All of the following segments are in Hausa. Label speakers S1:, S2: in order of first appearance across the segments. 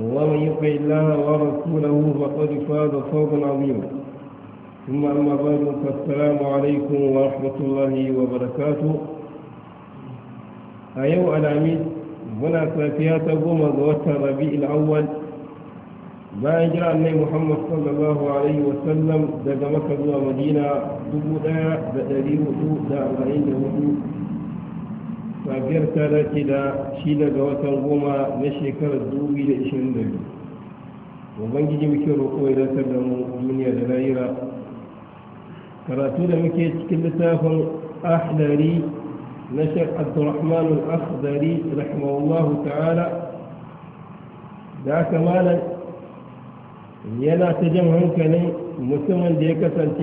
S1: ومن يطع الله ورسوله فقد فاز فوزا عظيما ثم اما بعد فالسلام عليكم ورحمه الله وبركاته ايوا الاميد هنا ثلاثيات قوم غوت الربيع الاول ما اجرى النبي محمد صلى الله عليه وسلم دقمك الله مدينه دبو دا دليل دا rafiyar ta dace da shi daga watan goma na shekarar 2022 ubangiji muke roƙo ya zartar da mu duniya da lahira karatu da muke cikin littafin ahdari na shek abdurrahman al-akhdari rahimahullahu ta'ala da aka malam yana ta jan hankalin mutumin da ya kasance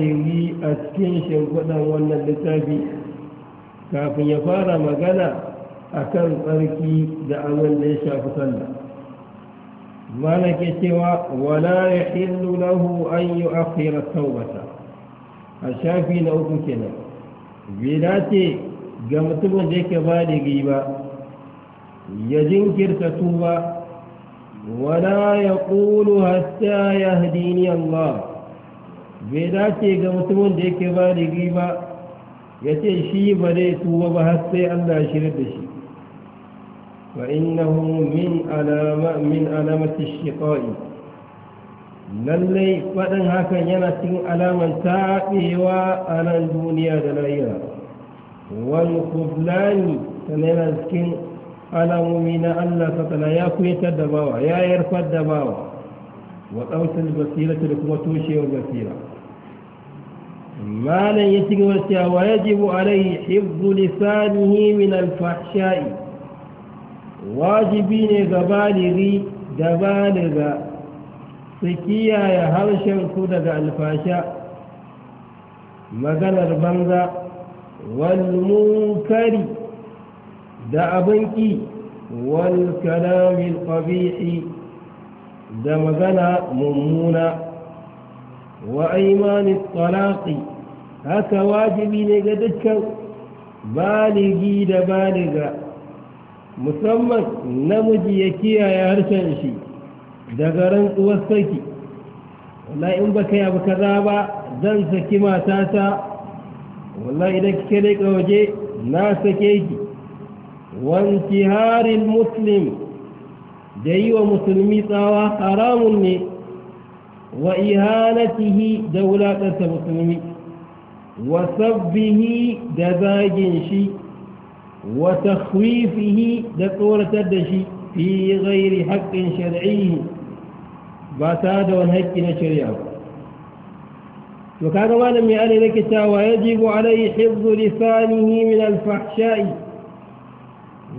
S1: yi a cikin shimfiɗan wannan littafi kafin ya fara magana a kan tsarki da abin da ya shafi sallah ke cewa wala ya hillu lahu an yi akhira taubata a shafi na uku kenan bida ce ga mutumin da yake ba da ba ya jinkirta tuba wala ya ƙulu hasta ya hadini Allah bai ce ga mutumin da yake ba da ba ya ce shi ba zai tuba ba har sai allah shirya da shi wa innahu min alama min alamati shiqai lallai faɗin hakan yana cikin alaman taɓewa a nan duniya da lahira wani kublani sannan yana cikin alamomi na allah fatala ya kuyatar da bawa ya yarfar da bawa wa ɗautar basira da kuma toshewar basira ما لن يتقوسها ويجب عليه حفظ لسانه من الفحشاء واجبين غبالغي غبالغ سكيا يا هرشا كودك الفاشا مغنى البنغا والمنكر دا أبنكي والكلام القبيح دا مغنى ممونا وأيمان الطلاق haka wajibi ne ga dukkan baligi da baliga musamman namiji ya kiyaye harshen shi daga rantsuwar saki wallahi in baka yi abu kaza ba zan saki matata wallahi idan kike rika waje na sake ki wanki harin muslim da yi wa musulmi tsawa haramun ne wa ihanatihi da wulaƙarsa musulmi وسبه دباجنش وتخويفه دكورة الدشي في غير حق شرعيه باتاد ونهكنا شريعه وكان وانا مئل لك تاوى يجب عليه حفظ لسانه من الفحشاء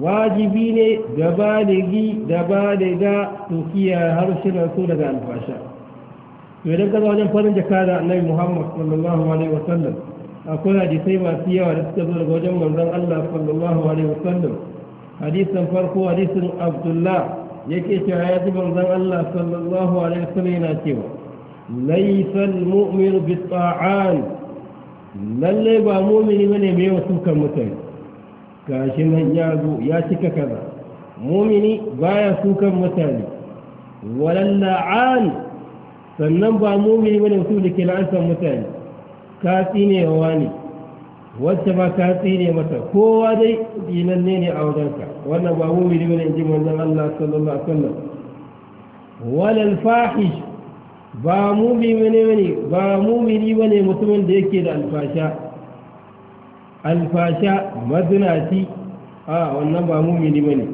S1: واجبين دبالغي دبالغا توكيا هرش الرسول عن الفحشاء ولم تدعوا جنفرنجك هذا النبي محمد صلى الله عليه وسلم akwai hadisai masu yawa da suka zo daga wajen manzon Allah sallallahu alaihi wasallam hadisin farko hadisin Abdullah yake cewa ya ji manzon Allah sallallahu alaihi wasallam yana cewa laysa almu'minu muminu taan lalle ba mu'mini bane mai kan mutane gashi nan ya zo ya cika kaza mu'mini baya sukan mutane walalla'an sannan ba mu'mini bane su da ke la'antar mutane Kasi ne yawa wani wacce ba kasi ne mata kowa dai dinanne ne a wajenka wannan ba mu ne bane inji manzon Allah sallallahu alaihi wasallam walal fahish ba mu ne bane ba mumi ne bane mutumin da yake da alfasha alfasha mazinati a wannan ba mu ne bane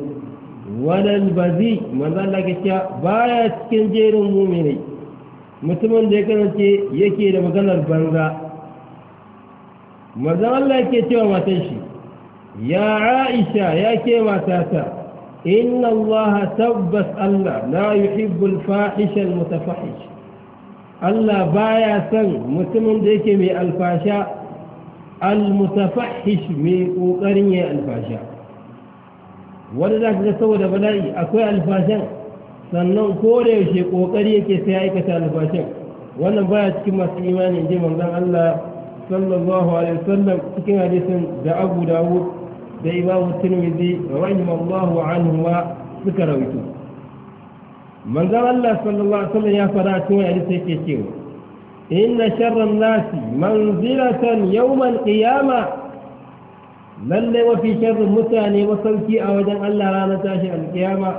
S1: walal bazi manzon Allah ke cewa baya cikin jerin mumi ne mutumin da ya kasance yake da maganar banza manzan Allah yake cewa matan shi ya Aisha ya ke matata inna Allah tabbas Allah na yuhibbul fahisha mutafahish Allah baya son mutumin da yake mai alfasha al mutafahish mai kokarin yayin alfasha wanda za ka ga saboda bala'i akwai alfashan sannan ko da yaushe kokari yake sai aikata alfashan wannan baya cikin masu imani ji manzon Allah sallallahu alaihi wasallam cikin hadisin da abu dawud da imamu tirmidhi rahimallahu anhuma suka rawaito manzon Allah sallallahu alaihi wasallam ya fara cikin hadisi yake cewa inna sharran nasi manzilatan yawmal qiyama lalle wa fi sharrin mutane masauki a wajen Allah ranar tashi alkiyama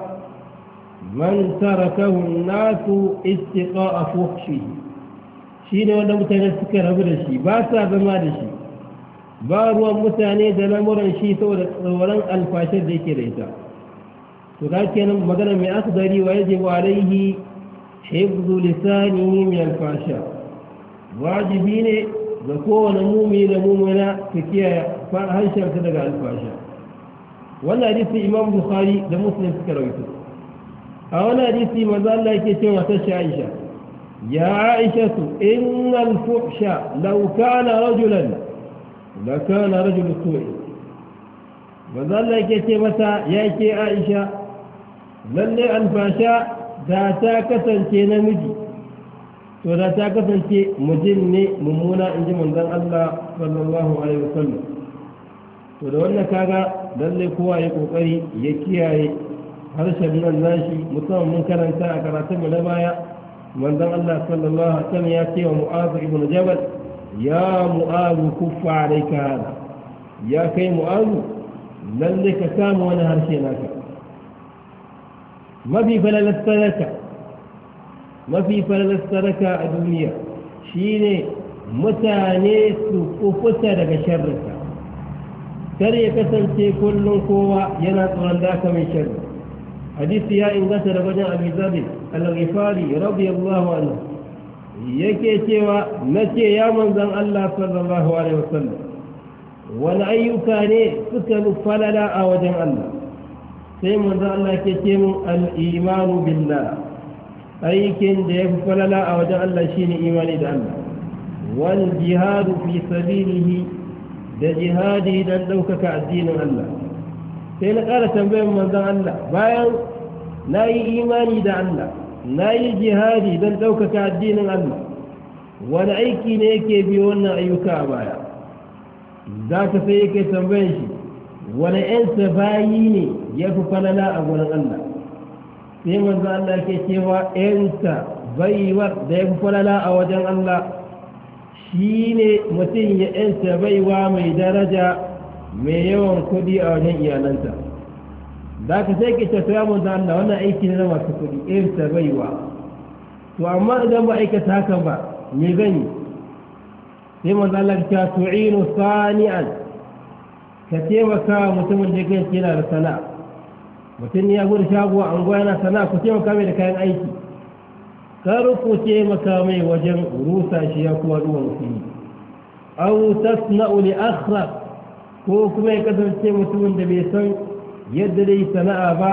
S1: man tarakahu nasu istiqa'a fuhshihi shi ne wanda mutane suka rabu da shi ba sa zama da shi ba ruwan mutane da lamuran shi saboda tsoron alfashar da yake da ita to ka kenan magana mai dari wa yaje wa alaihi hifzu ne min alfasha wajibi ne ga kowane mumi da mumuna ka kiyaye harshensa daga alfasha wannan hadisi imam bukhari da muslim suka rawaito a wannan hadisi manzo Allah yake cewa ta Aisha يا عائشة إن الفحش لو كان رجلا لكان رجل سوء وظل كتبتا يا عائشة lalle alfasha da ta kasance namiji to da ta kasance mujin ne mummuna in ji manzon Allah sallallahu alaihi wasallam to da wannan kaga lallai kowa ya ƙoƙari ya kiyaye harshen nan nashi mu mun karanta a karatun mu na baya manzon Allah sallallahu alaihi ya ce wa Mu'adh ibn Jabal ya Mu'adh kuffa alayka hada ya kai Mu'adh lalle ka kama wani harshe naka mafi falalar sadaka mafi a duniya shine mutane su kufuta daga sharrinka kar ya kasance kullum kowa yana tsoron daka mai sharri حديث يا إن غسل بجان أبي الغفاري رضي الله عنه يكيتي ومتي يا من ذن الله صلى الله عليه وسلم والأي كان سكن فللا أوجن الله سيم ذن الله كتم الإيمان بالله أي كن ديه فللا أوجن الله شين إيمان الله والجهاد في سبيله ده جهاده دندوك كعدين الله سيلا قال تنبيه من ذن الله بايان na yi imani da Allah na yi jihadi don ɗaukaka addinin Allah wani aiki ne yake biyo wannan ayyuka a baya za ka sai yake tambayin shi wani ‘yansa bayi ne ya fi falala a gurin Allah sai manzo Allah ke cewa ‘yansa baiwar da ya fi falala a wajen Allah shi ne mutum ya ‘yansa baiwa mai daraja mai yawan kuɗi a wajen iyalanta? da ka sai ke tafiya da Allah wannan aiki ne na masu kuɗi irin ta baiwa to amma idan ba aikata haka ba me zan yi sai manzan Allah ta tu'inu sani'an ka taimaka mutumin da kai yana da sana'a mutum ya gudu shago a anguwa yana sana'a ku taimaka mai da kayan aiki kar ku taimaka mai wajen rusa shi ya kuma ruwan musulmi au tasna'u li akhra ko kuma ya kasance mutumin da bai san yadda dai sana'a ba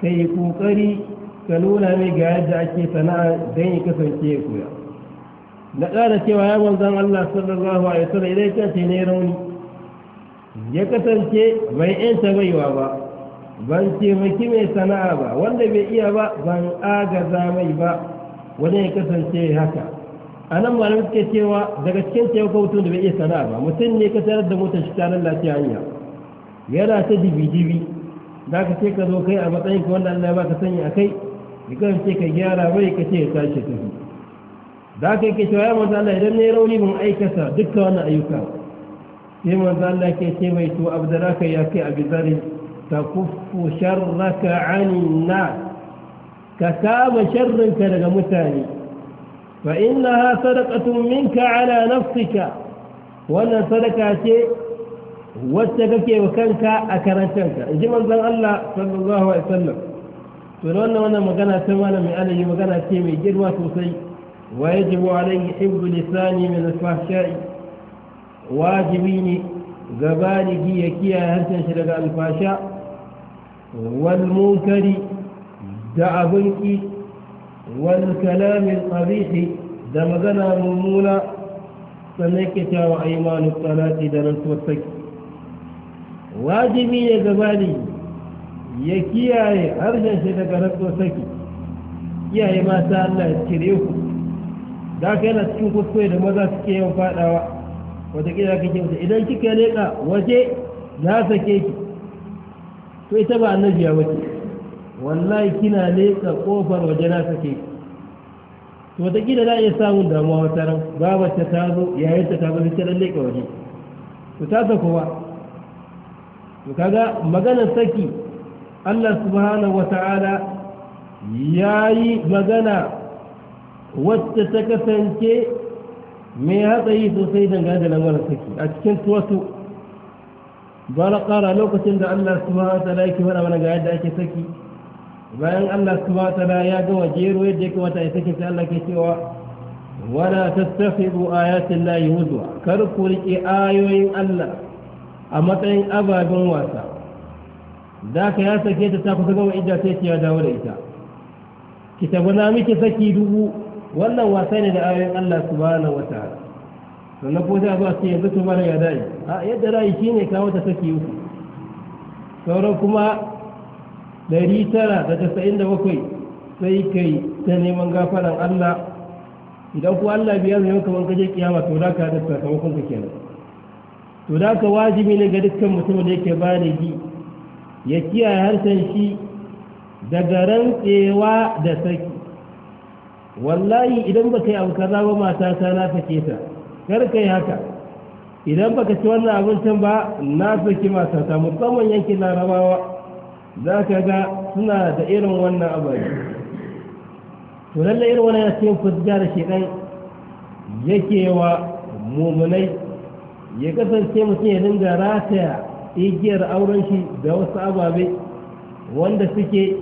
S1: ka yi kokari ka nuna mai ga yadda ake sana'a don yi kasance ya koya na ƙara cewa ya manzan Allah sallallahu alaihi wasallam idan ka ce ne rauni ya kasance bai yanta baiwa ba ban taimaki mai sana'a ba wanda bai iya ba ban agaza mai ba wani ya kasance haka a nan malam suke cewa daga cikin taimakon mutum da bai iya sana'a ba mutum ne ka tarar da motar shi ta lafiya hanya yana ta dibi-dibi za ka ce ka zo kai a matsayin ka wanda Allah ya ka sanya a kai ikan ce ka gyara bai ka ce ya tashi tafi za ka yake cewa ya manzo Allah idan ne rauni mun aikata duka wannan ayyuka sai manzo Allah ke ce mai to abdaraka ya kai abizari ta kuffu sharraka ani na ka kama sharrinka daga mutane fa innaha sadaqatun minka ala nafsika wannan sadaka ce wacce kake wa kanka a karantanka in ji manzon Allah sallallahu alaihi wasallam to da wannan wannan magana ta malamin alayi magana ce mai girma sosai wa yajibu alayhi hibbu lisani min al-fahsha'i wajibi ne ga baligi ya kiyaye harshen shi daga alfasha wal munkari da abin ki wal kalamin qabihi da magana mummuna sannan ke cewa aymanu salati da rantsuwar saki wajibi ne gabani ya kiyaye harshen shi daga rasko saki kiyaye mata Allah ya cire ku za ka yana cikin kuskure da maza suke yawan fadawa wataƙila ka kyauta idan kika leƙa waje za sake ki to ita ba ya wuce wallahi kina leka ƙofar waje na sake ki to wataƙila za a iya samun damuwa wata ran babarta ta zo yayin ta ta zo ta leƙa waje to ta ba. to kaga maganar saki Allah subhanahu wata'ala ya yi magana wacce ta kasance mai hatsari sosai dangane da lamarin saki a cikin wasu balakara lokacin da Allah subhanahu wata'ala yake faɗa mana ga yadda ake saki bayan Allah subhanahu wata'ala ya gama jero yadda ya kamata ya saki sai Allah ke cewa wala tattakhidhu ayati llahi huzwa kar ku riƙe ayoyin Allah a matsayin ababen wasa za ka ya sake ta ta kusa gama idan sai ya dawo da ita ki na miki saki dubu wannan wasa ne da ayoyin Allah subhanahu wataala sannan ko sai zuwa ce yanzu tumara ya dai a yadda rai shine kawo ta saki uku sauran kuma ɗari tara da casa'in da bakwai sai kai ta neman gafaran Allah idan ku Allah biya zai maka wanka je kiyama to da ka da sakamakon ka kenan to da ka wajibi ne ga dukkan mutum da yake gi ya kiyaye harshen shi daga rantsewa da saki wallahi idan baka yi abu kaza ba mata ta na sake ta kar yi haka idan baka ci wannan abincin ba na saki mata ta musamman yankin larabawa za ka ga suna da irin wannan abari to lallai irin wannan yasin fuzgar shi da yake wa mummunai. ya kasance mutum ya dinga rataya igiyar auren shi da wasu ababe wanda suke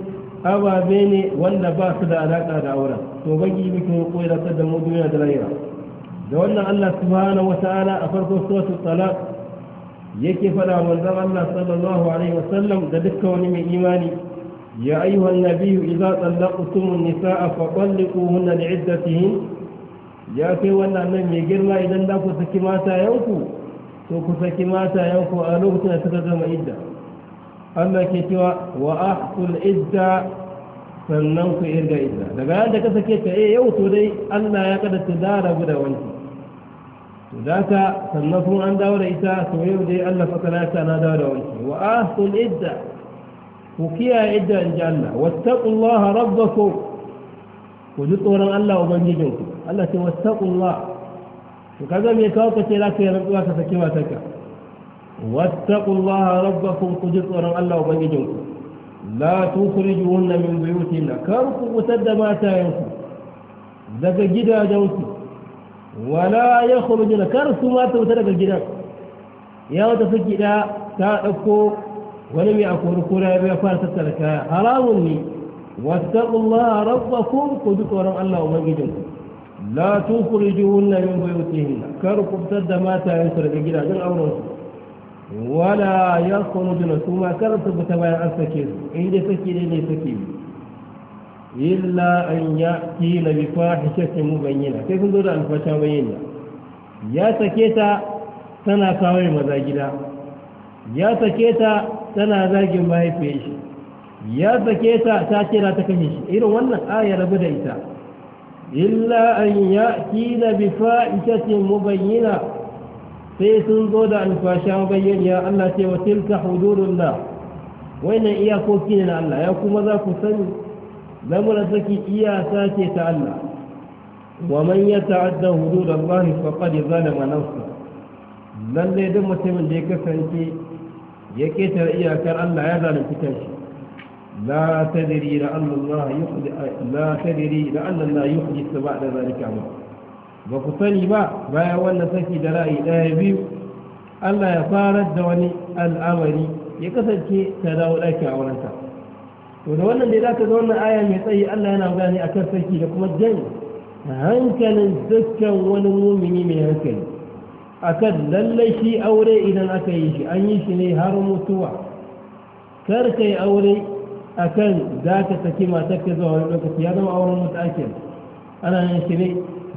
S1: ababe ne wanda ba su da alaƙa da auren to bagi muke koyi da da mu duniya da rayuwa da wannan Allah subhanahu wata'ala a farko suratul talaq yake faɗa manzon Allah sallallahu alaihi wasallam da dukkan wani mai imani يا أيها النبي إذا طلقتم النساء فطلقوهن لعدتهن يا كيوانا نمي جرما إذا لا تسكي ما تايوكو to ku saki matayenku a lokacin da suka gama idda Allah ke cewa wa ahsul idda sannan ku irga idda daga yadda ka sake ta eh yau to dai Allah ya kada ta dara guda wanki to daka sannan kun an dawo da ita to yau dai Allah fa kana ta na dawo da wanki wa ahsul idda ku kiyaye idda in ji Allah wattaqullaha rabbakum ku ji tsoron Allah ubangijinku Allah ce wattaqullaha to kaga me kawo ka ce ka yi rantsuwa ka saki matarka wattaqullaha rabbakum ku ji tsoron Allah ubangijinku la tukhrijuhunna min buyutina kar ku wutar da matayenku daga gidajenku wala yakhrujuna kar su mata wuta daga gidan ya wata saki da ta dauko wani mai akwai kura ya fara tattara kaya haramun ne wattaqullaha rabbakum ku ji tsoron Allah ubangijinku la tukhrijuhunna min buyutihinna kar ku fitar da matayen su daga gidajen auren su wala yakhrujuna su ma kar su fita bayan an sake su in dai sake ne ne sake illa an ya'ti la bi fahishatin mubayyana sai kun zo da alfasha bayyana ya sake ta tana kawai maza gida ya sake ta tana zagin mahaifiyar ya sake ta ta kira kashe shi irin wannan aya rabu da ita illa an ya'ti da bi mu mubayyina sai sun zo da alfasha mabayyaniya Allah ce wa tilka hududullah wannan iyakoki ne na Allah ya kuma za ku sani lamura saki iyasa ce ta Allah wa man ya ta'adda hududallahi faqad zalama nafsa lalle duk mutumin da ya kasance ya ketare iyakar Allah ya zalunci kanshi لا تدري لأن الله يحدث لا تدري لأن الله يحدث بعد ذلك عمر وقتني با با يوانا سكي درائي لا يبيو ألا يطار الدواني الأمري يقصد كي تداول أكا عورانتا ودوانا اللي لا تدوانا آية ميطي ألا أنا أغاني أكر سكي لكم الجنة هنك ننزكا ونمومني من هكذا أكد لليشي أوري إذا أكيشي أنيشي لي هرمو توع كركي أوري akan za ta saki ta zuwa wani lokaci ya zama auren mutakin ana yin shi ne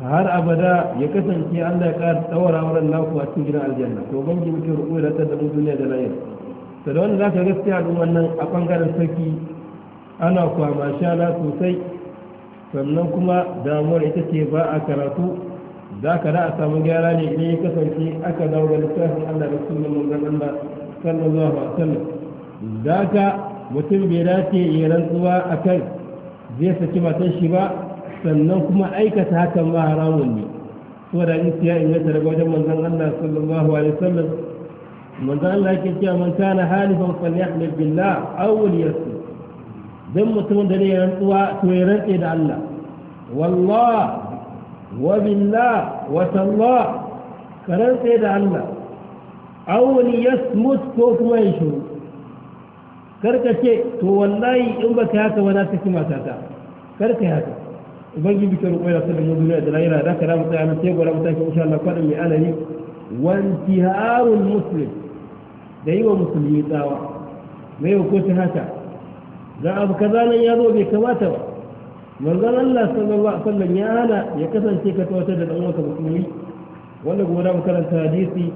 S1: har abada ya kasance Allah ya ƙara tsawara auren naku a cikin gidan aljanna to bangi muke rubu da ta duniya da layin to da wanda zaka gaskiya al'umman nan a bangaren saki ana kwama shana sosai sannan kuma damuwar ita ce ba a karatu za ka da a samu gyara ne idan ya kasance aka dawo da littafin Allah da sunan manzon Allah sallallahu alaihi wasallam za ka mutum bai dace ya rantsuwa a kan zai saki matan shi ba sannan kuma aikata hakan ma haramun ne so da in siya in yata daga wajen manzan Allah sallallahu alaihi wasallam manzan Allah yake cewa man kana halifan falyahlil billah aw yasu dan mutum da zai rantsuwa to ya rantse da Allah wallah wa billah wa tallah ka da Allah aw yasmut ko kuma ya shiru karka ce to wallahi in ba ka haka ba na saki matata karka haka ubangiji ka roƙo ya sallan duniya da lahira da ka ramu tsaya na sai gora mutaki insha Allah kwadan mai alani wantiharul muslim da yi wa musulmi tsawa mai ko ta haka da abu kaza nan ya zo bai kamata ba manzon Allah sallallahu alaihi wasallam ya hana ya kasance ka tawata da dan uwanka musulmi wanda gobe da mu karanta hadisi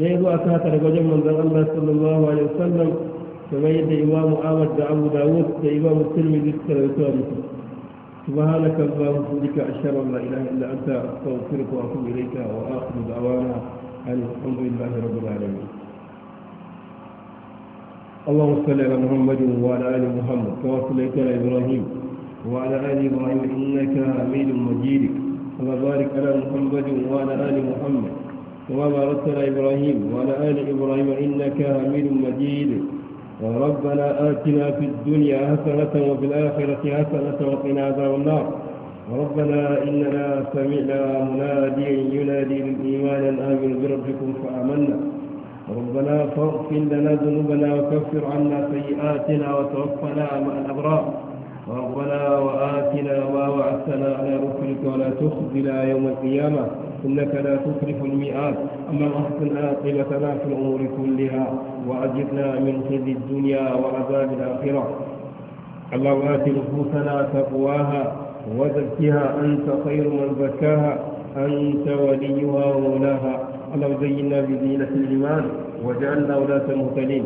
S1: da ya zo akan haka daga wajen manzon Allah sallallahu alaihi wasallam كما يد إمام أحمد وأبو داود وإمام الترمذي ذكر سبحانك اللهم وبحمدك أشهد أن لا إله إلا أنت أستغفرك وأتوب إليك وآخر دعوانا أن الحمد لله رب العالمين اللهم صل على محمد وعلى آل محمد كما صليت على إبراهيم وعلى آل إبراهيم إنك حميد مجيد اللهم بارك على محمد وعلى آل محمد كما باركت على إبراهيم وعلى آل إبراهيم إنك حميد مجيد ربنا آتنا في الدنيا حسنة وفي الآخرة حسنة وقنا عذاب النار ربنا إننا سمعنا مناديا ينادي للإيمان أن آمنوا بربكم فآمنا ربنا فاغفر لنا ذنوبنا وكفر عنا سيئاتنا وتوفنا مع الأبرار ربنا وآتنا ما وعدتنا على رسلك ولا تخزنا يوم القيامة إنك لا تخلف المئات أما أحسن عاقبتنا في الأمور كلها وأجرنا من خزي الدنيا وعذاب الآخرة اللهم آت نفوسنا تقواها وزكها أنت خير من زكاها أنت وليها ومولاها اللهم زينا بزينة الإيمان وجعلنا ولاة مهتدين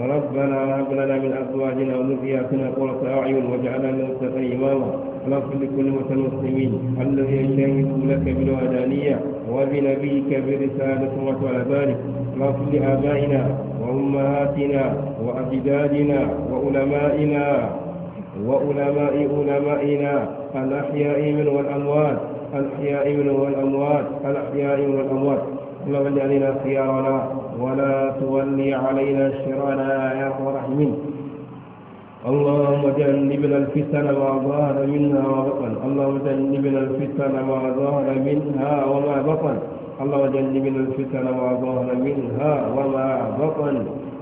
S1: ربنا هب لنا من ازواجنا وذرياتنا قرة اعين واجعلنا للمتقين اماما واغفر لكل موتى المسلمين الذي شهدوا لك بالوحدانيه وبنبيك برسالة وعلى ذلك واغفر لابائنا وامهاتنا واجدادنا وعلمائنا وعلماء علمائنا الاحياء من والاموات الاحياء من والاموات الاحياء من والاموات اللهم ول علينا خيارنا ولا تولي علينا شرنا يا رب الراحمين اللهم جنبنا الفتن ما ظهر منها وبطن اللهم جنبنا الفتن ما ظهر منها وما بطن اللهم جنبنا الفتن ما ظهر منها وما بطن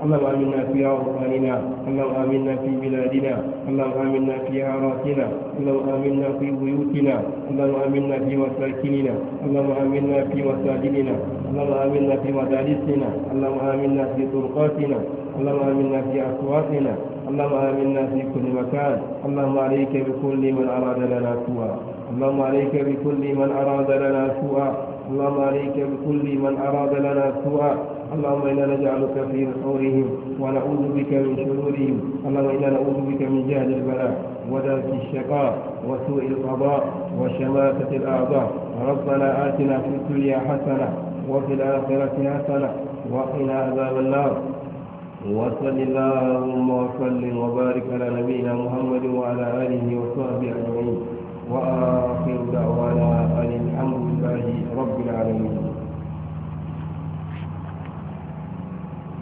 S1: اللهم آمنا في أوطاننا اللهم آمنا في بلادنا اللهم آمنا في عراقنا اللهم آمنا في بيوتنا اللهم آمنا في مساكننا اللهم آمنا في مساجدنا اللهم آمنا في مدارسنا اللهم آمنا في طرقاتنا اللهم آمنا في أسواقنا اللهم آمنا في كل مكان اللهم عليك بكل من أراد لنا سوءا اللهم عليك بكل من أراد لنا سوءا اللهم عليك بكل من أراد لنا سوءا اللهم إنا نجعلك في نحوره شرورهم ونعوذ بك من شرورهم اللهم إنا نعوذ بك من جهل البلاء وذات الشقاء وسوء القضاء وشماتة الأعضاء ربنا آتنا في الدنيا حسنة وفي الآخرة حسنة وقنا عذاب النار وصل اللهم وسلم وبارك على نبينا محمد وعلى آله وصحبه أجمعين وآخر دعوانا أن الحمد لله رب العالمين